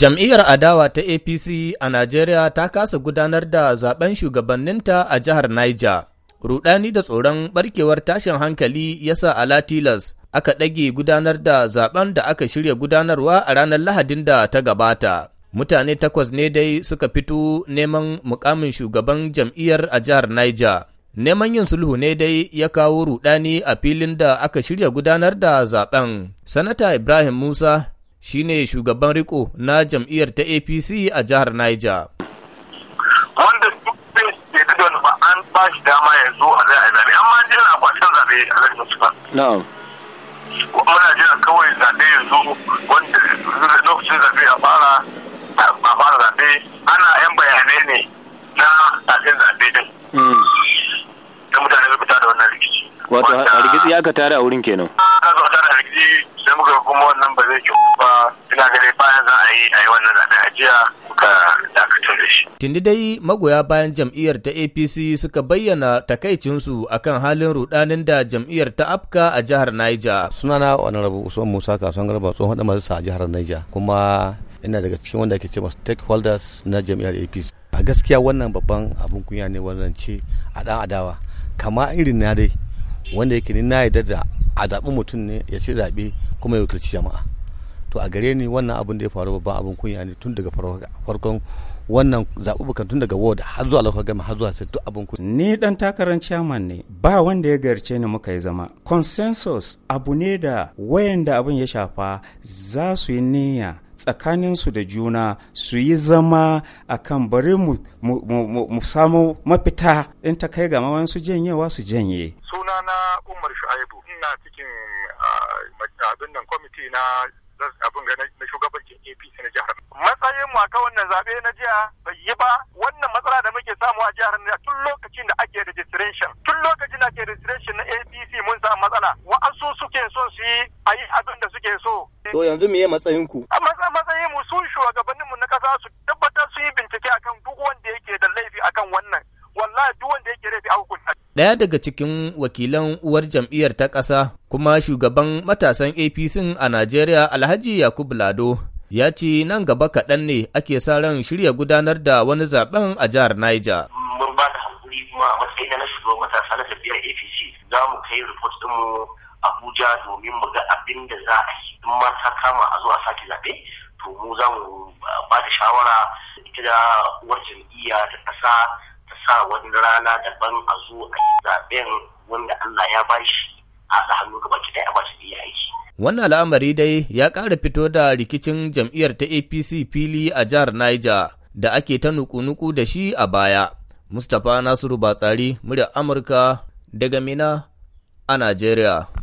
Jam'iyyar adawa ta APC a Najeriya ta kasa gudanar da zaben shugabanninta a jihar Niger. Rudani da tsoron barkewar tashin hankali ya sa ala tilas aka ɗage gudanar da zaben da aka shirya gudanarwa a ranar Lahadin da ta gabata. Mutane takwas ne dai suka fito neman mukamin shugaban jam'iyyar a jihar Niger. Neman yin sulhu ne dai ya kawo rudani a filin da aka shirya gudanar da zaben. Sanata Ibrahim Musa shine shugaban riko na jam'iyyar ta APC a jihar Niger. Wanda ya da wani ba an ba shi dama yanzu a zai a zaɓe, amma jiran a kwashen zaɓe a zai musulman. Na'am. Muna jiran kawai zaɓe yanzu wanda lokacin zaɓe a fara a fara zaɓe ana yan bayanai ne na tafin zaɓe din. Hmm. Da mutane bai fita da wannan rikici. Wato hargitsi ya ka tare a wurin kenan. da muka kuma wannan ba zai kyau ba ina gare bayan za a yi a yi wannan zaɓe a jiya muka dakatar da shi. Tindi dai magoya bayan jam'iyyar ta APC suka bayyana takaicinsu akan halin rudanin da jam'iyyar ta afka a jihar Niger. Sunana rabu Usman Musa Kasuwan Garba tsohon da majalisa a jihar Niger kuma ina daga cikin wanda ake ce masu stakeholders na jam'iyyar APC. A gaskiya wannan babban abin kunya ne wannan ce a dan adawa kama irin na dai wanda yake ni na yarda da a zaɓi mutum ne ya ce zaɓe kuma ya wakilci jama'a to a gare ni wannan abin da ya faru babban abin kunya ne tun daga farkon wannan zaɓuɓɓukan tun daga ward har zuwa lafa gama har zuwa sai duk abin kunya. ni dan takarar chairman ne ba wanda ya garce ni muka yi zama consensus abu ne da wayanda abin ya shafa za su yi niyya tsakaninsu da juna su yi zama a kan bari mu, mu, samu mafita in ta kai ga mawansu janyewa su janye. na Umar Shu'aibu ina cikin abin nan kwamiti na abin ga na shugabancin APC na jihar. Matsayin mu akan wannan zabe na jiya bai yi ba wannan matsala da muke samu a jihar na tun lokacin da ake registration tun lokacin da ake registration na APC mun samu matsala wa'asu suke son su yi a yi abin da suke so. To yanzu me matsayin ku? Ɗaya daga cikin wakilan uwar jam'iyyar ta ƙasa kuma shugaban matasan APC a Najeriya Alhaji Yakubu Lado ya ce nan gaba kaɗan ne ake sa ran shirya gudanar da wani zaben a jihar Niger. Mun ba da hankali kuma a matsayin na shugaban matasa na jam'iyyar APC za mu kai report mu Abuja domin mu ga abin da za a yi in ma ta kama a zo a sake zaɓe to mu za mu ah, ba da shawara ita da uwar jam'iyya ta ƙasa sa wani rana daban a zo a yi zaɓen wanda Allah ya bashi a da hannu gaba ki ɗaya ba shi iya aiki. Wannan al'amari dai ya ƙara fito da rikicin jam'iyyar ta APC fili a jihar Niger da ake ta nuku-nuku da shi a baya. Mustapha Nasiru Batsari, murya Amurka daga Mina a Najeriya.